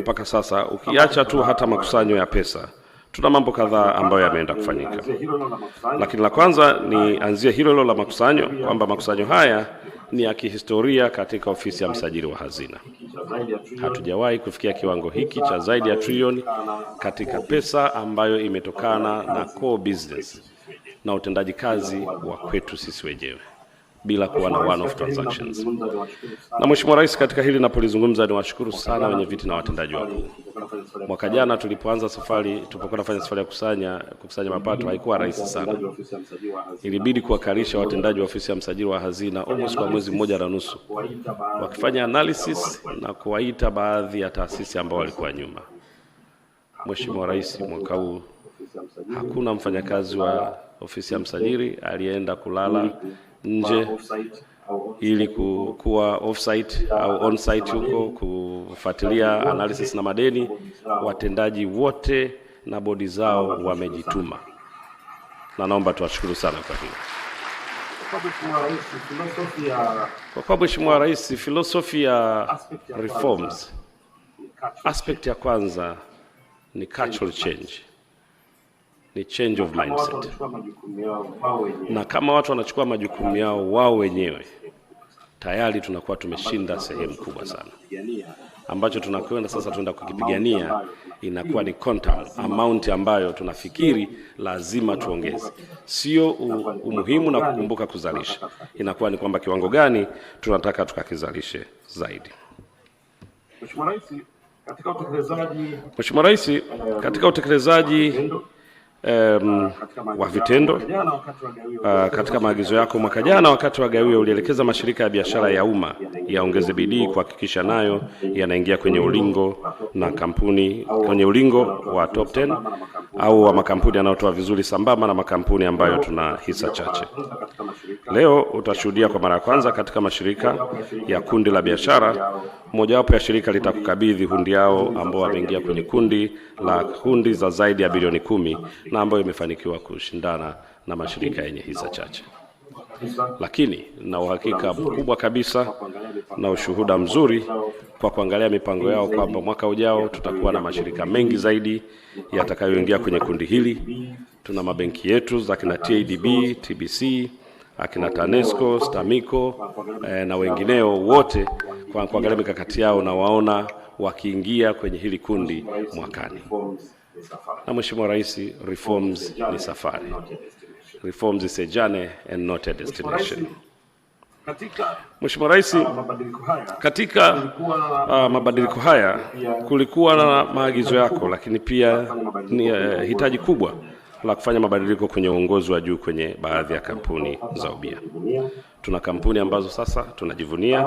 mpaka sasa, ukiacha tu hata makusanyo ya pesa, tuna mambo kadhaa ambayo yameenda kufanyika, lakini la kwanza ni anzia hilo hilo la makusanyo, kwamba makusanyo haya ni ya kihistoria katika ofisi ya msajili wa hazina. Hatujawahi kufikia kiwango hiki cha zaidi ya trilioni katika pesa ambayo imetokana na core business na utendaji kazi wa kwetu sisi wenyewe bila kuwa na one off transactions. Na Mheshimiwa Rais, katika hili napolizungumza, niwashukuru sana wenye viti na watendaji wakuu. Mwaka jana tulipoanza safari, tulipokuwa nafanya safari ya kusanya kukusanya mapato haikuwa rahisi sana, ilibidi kuwakalisha watendaji wa ofisi ya msajili wa hazina almost kwa mwezi mmoja na nusu, wakifanya analysis na kuwaita baadhi ya taasisi ambao walikuwa nyuma. Mheshimiwa Rais, mwaka huu hakuna mfanyakazi wa ofisi ya msajili aliyeenda kulala nje ili kuwa offsite au onsite huko kufuatilia analysis na madeni. Watendaji wote na bodi zao wamejituma, na naomba tuwashukuru sana kwa hilo. Kwa kuwa Mheshimiwa Rais, filosofi ya reforms, aspect ya kwanza ni cultural change ni change of mindset, na kama watu wanachukua majukumu yao wao wenyewe tayari tunakuwa tumeshinda sehemu kubwa sana. Ambacho tunakwenda sasa, tunaenda kukipigania inakuwa ni quantum amount ambayo tunafikiri lazima tuongeze, sio umuhimu na kukumbuka kuzalisha, inakuwa ni kwamba kiwango gani tunataka tukakizalishe zaidi. Mheshimiwa Rais, katika utekelezaji Um, wa vitendo uh, katika maagizo yako mwaka jana wakati wa gawio ulielekeza mashirika ya biashara ya umma yaongeze bidii kuhakikisha nayo yanaingia kwenye ulingo na kampuni kwenye ulingo wa top 10 au wa makampuni yanayotoa vizuri sambamba na makampuni ambayo tuna hisa chache. Leo utashuhudia kwa mara ya kwanza katika mashirika ya kundi la biashara mojawapo ya shirika litakukabidhi hundi yao ambao wameingia kwenye kundi la hundi za zaidi ya bilioni kumi na ambayo imefanikiwa kushindana na mashirika yenye hisa chache. Lakini na uhakika mkubwa kabisa na ushuhuda mzuri kwa kuangalia mipango yao kwamba mwaka ujao tutakuwa na mashirika mengi zaidi yatakayoingia kwenye kundi hili. Tuna mabenki yetu za kina TADB, TBC, akina TANESCO, STAMICO eh, na wengineo wote kwa kuangalia mikakati yao na waona wakiingia kwenye hili kundi mwakani. Na Mheshimiwa Rais, reforms ni safari, reforms is a journey and not a destination. Mheshimiwa Rais, katika uh, mabadiliko haya kulikuwa na maagizo yako, lakini pia ni uh, hitaji kubwa la kufanya mabadiliko kwenye uongozi wa juu kwenye baadhi ya kampuni za ubia. Tuna kampuni ambazo sasa tunajivunia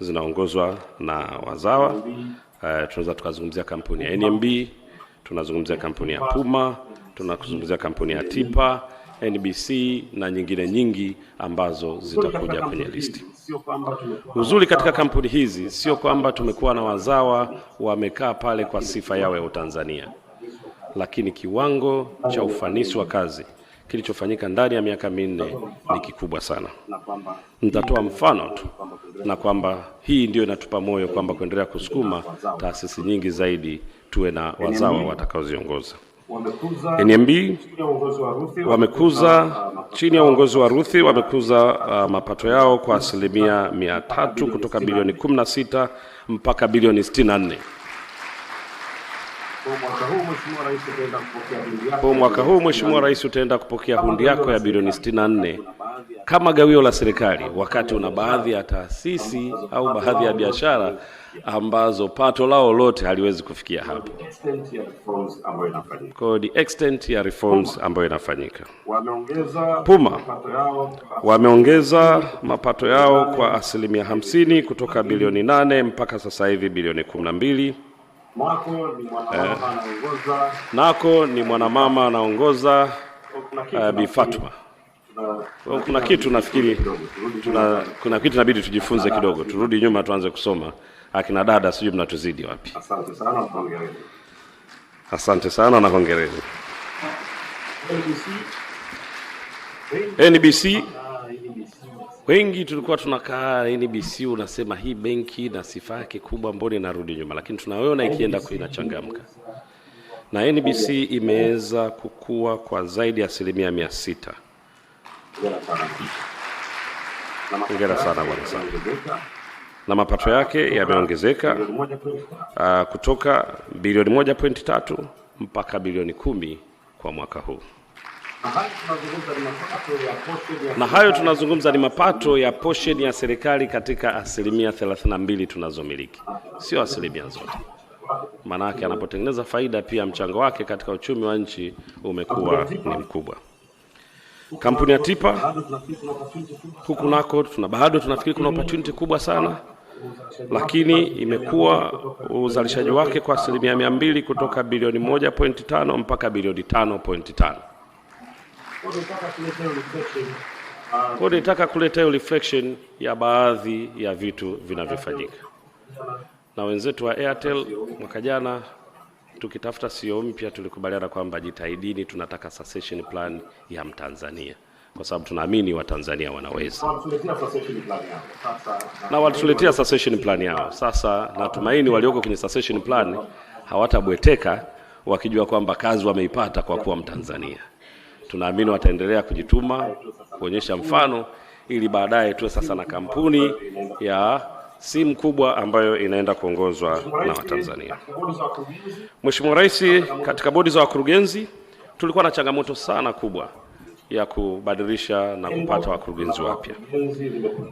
zinaongozwa na wazawa. Uh, tunaweza tukazungumzia kampuni ya NMB, tunazungumzia kampuni ya Puma, tunazungumzia kampuni ya Tipa, NBC na nyingine nyingi ambazo zitakuja kwenye listi. Uzuri katika kampuni hizi sio kwamba tumekuwa na wazawa wamekaa pale kwa sifa yao ya Utanzania, lakini kiwango cha ufanisi wa kazi kilichofanyika ndani ya miaka minne ni kikubwa sana. Nitatoa mfano tu na kwamba hii ndio inatupa moyo kwamba kuendelea kusukuma taasisi nyingi zaidi tuwe na wazawa watakaoziongoza. NMB wamekuza chini ya uongozi wa Ruthi uh, wamekuza uh, mapato yao kwa asilimia mia tatu kutoka bilioni 16 mpaka bilioni 64. Kwa mwaka huu Mheshimiwa Rais utaenda kupokea hundi yako ya bilioni 64 kama gawio la serikali, wakati una baadhi ya taasisi au baadhi ya biashara ambazo pato lao lote haliwezi kufikia hapo. Kwa the extent ya reforms ambayo inafanyika, Puma wameongeza mapato yao kwa asilimia hamsini kutoka bilioni nane mpaka sasa hivi bilioni kumi na mbili. Eh. nako ni mwanamama anaongoza uh, Bi Fatma. Kuna kitu nafikiri tuna, kuna kitu inabidi tujifunze kidogo, turudi nyuma tuanze kusoma. Akina dada, sijui mnatuzidi wapi. Asante sana na hongereni NBC Wengi tulikuwa tunakaa NBC, yaani unasema hii benki na sifa yake kubwa, mbona inarudi nyuma, lakini tunaona ikienda inachangamka, na NBC imeweza kukua kwa zaidi ya asilimia mia sita. Hongera sana bwana sana, na mapato yake yameongezeka ah, kutoka bilioni 1.3 mpaka bilioni kumi kwa mwaka huu na hayo tunazungumza ni mapato ya posheni ya serikali katika asilimia 32 tunazomiliki, sio asilimia zote. Maanake anapotengeneza faida pia mchango wake katika uchumi wa nchi umekuwa ni mkubwa. Kampuni ya TIPA huku nako tuna bado tunafikiri kuna opportunity kubwa sana, lakini imekuwa uzalishaji wake kwa asilimia mia mbili kutoka bilioni 1.5 mpaka bilioni 5.5 kwa nitaka kuleta hiyo reflection ya baadhi ya vitu vinavyofanyika na wenzetu wa Airtel. Mwaka jana tukitafuta CEO mpya tulikubaliana kwamba jitahidini, tunataka succession plan ya Mtanzania kwa sababu tunaamini Watanzania wanaweza na walituletea succession plan yao. Sasa natumaini walioko kwenye succession plan hawatabweteka wakijua kwamba kazi wameipata kwa kuwa Mtanzania. Tunaamini wataendelea kujituma kuonyesha mfano, ili baadaye tuwe sasa na kampuni ya simu kubwa ambayo inaenda kuongozwa na Watanzania. Mheshimiwa Rais, katika bodi za wakurugenzi tulikuwa na changamoto sana kubwa ya kubadilisha na kupata wakurugenzi wapya.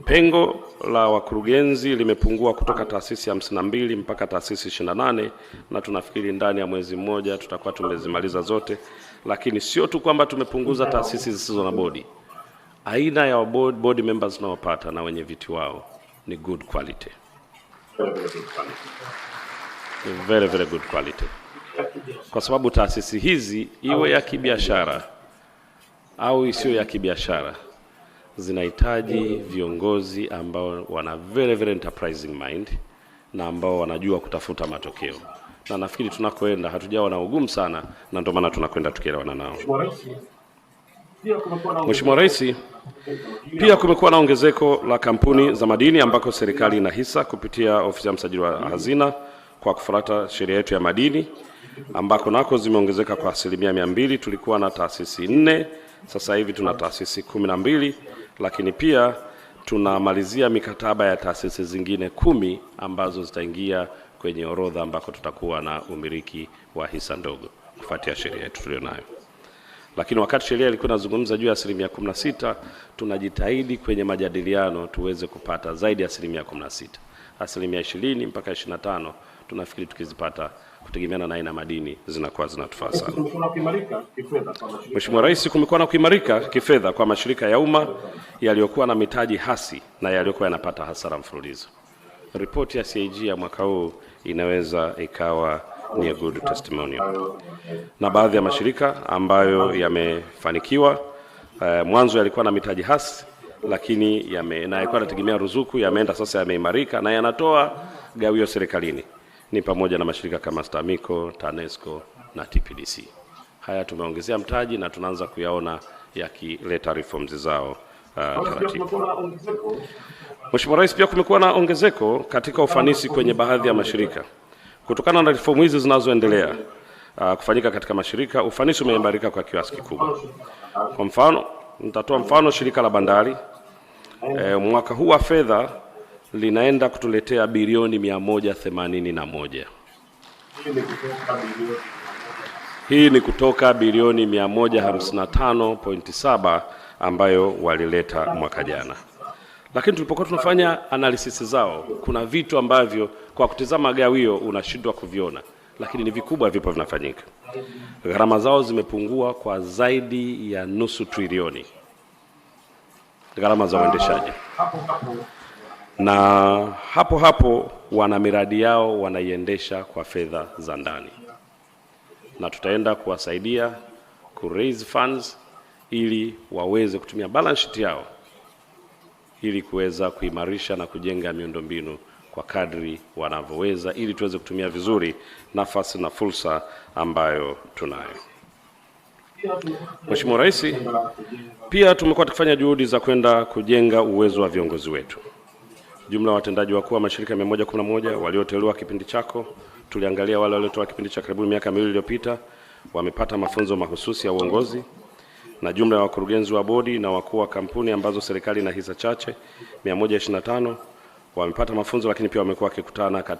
Pengo la wakurugenzi limepungua kutoka taasisi 52 mpaka taasisi 28 na tunafikiri ndani ya mwezi mmoja tutakuwa tumezimaliza zote, lakini sio tu kwamba tumepunguza taasisi zisizo na bodi. Aina ya board, board members tunaopata na wenye viti wao ni good quality. Very, very good quality, kwa sababu taasisi hizi iwe ya kibiashara au isiyo ya kibiashara zinahitaji viongozi ambao wana very very enterprising mind na ambao wanajua kutafuta matokeo, na nafikiri tunakoenda hatujawa na ugumu sana, na ndio maana tunakwenda tukielewana nao. Mheshimiwa Rais, pia kumekuwa na ongezeko la kampuni za madini ambako serikali ina hisa kupitia ofisi ya msajili wa hazina kwa kufuata sheria yetu ya madini ambako nako zimeongezeka kwa asilimia mia mbili. Tulikuwa na taasisi nne sasa hivi tuna taasisi kumi na mbili, lakini pia tunamalizia mikataba ya taasisi zingine kumi ambazo zitaingia kwenye orodha ambako tutakuwa na umiliki wa hisa ndogo kufuatia sheria yetu tulionayo. Lakini wakati sheria ilikuwa inazungumza juu ya asilimia sita tunajitahidi kwenye majadiliano tuweze kupata zaidi ya asilimia sita asilimia ishirini mpaka tano tunafikiri tukizipata kutegemeana na aina madini zinakuwa zinatufaa sana. Mheshimiwa Rais, kumekuwa na kuimarika kifedha kwa mashirika ya umma yaliyokuwa na mitaji hasi na yaliyokuwa yanapata hasara mfululizo. Ripoti ya CAG ya mwaka huu inaweza ikawa ni a good testimonial, na baadhi ya mashirika ambayo yamefanikiwa uh, mwanzo yalikuwa na mitaji hasi lakini yame, na yalikuwa yanategemea ruzuku, yameenda sasa, yameimarika na yanatoa gawio serikalini ni pamoja na mashirika kama STAMICO, TANESCO na TPDC. Haya tumeongezea mtaji na tunaanza kuyaona yakileta reforms zao uh, taratibu. Mheshimiwa Rais, pia kumekuwa na ongezeko katika ufanisi kwenye baadhi ya mashirika kutokana na reform hizi zinazoendelea uh, kufanyika katika mashirika. Ufanisi umeimarika kwa kiasi kikubwa. Kwa mfano, nitatoa mfano shirika la bandari eh, mwaka huu wa fedha linaenda kutuletea bilioni 181. Hii ni kutoka bilioni 155.7 ambayo walileta mwaka jana. Lakini tulipokuwa tunafanya analysis zao, kuna vitu ambavyo kwa kutizama gawio unashindwa kuviona, lakini ni vikubwa, vipo vinafanyika. Gharama zao zimepungua kwa zaidi ya nusu trilioni, gharama za uendeshaji na hapo hapo wana miradi yao wanaiendesha kwa fedha za ndani, na tutaenda kuwasaidia ku raise funds ili waweze kutumia balance sheet yao ili kuweza kuimarisha na kujenga miundombinu kwa kadri wanavyoweza ili tuweze kutumia vizuri nafasi na fursa ambayo tunayo. Mheshimiwa Rais, pia tumekuwa tukifanya juhudi za kwenda kujenga uwezo wa viongozi wetu. Jumla watendaji wakuu wa mashirika 111 walioteuliwa kipindi chako, tuliangalia wale waliotoa kipindi cha karibuni miaka miwili iliyopita, wamepata mafunzo mahususi ya uongozi na jumla ya wakurugenzi wa bodi na wakuu wa kampuni ambazo serikali ina hisa chache 125 wamepata mafunzo, lakini pia wamekuwa wakikutana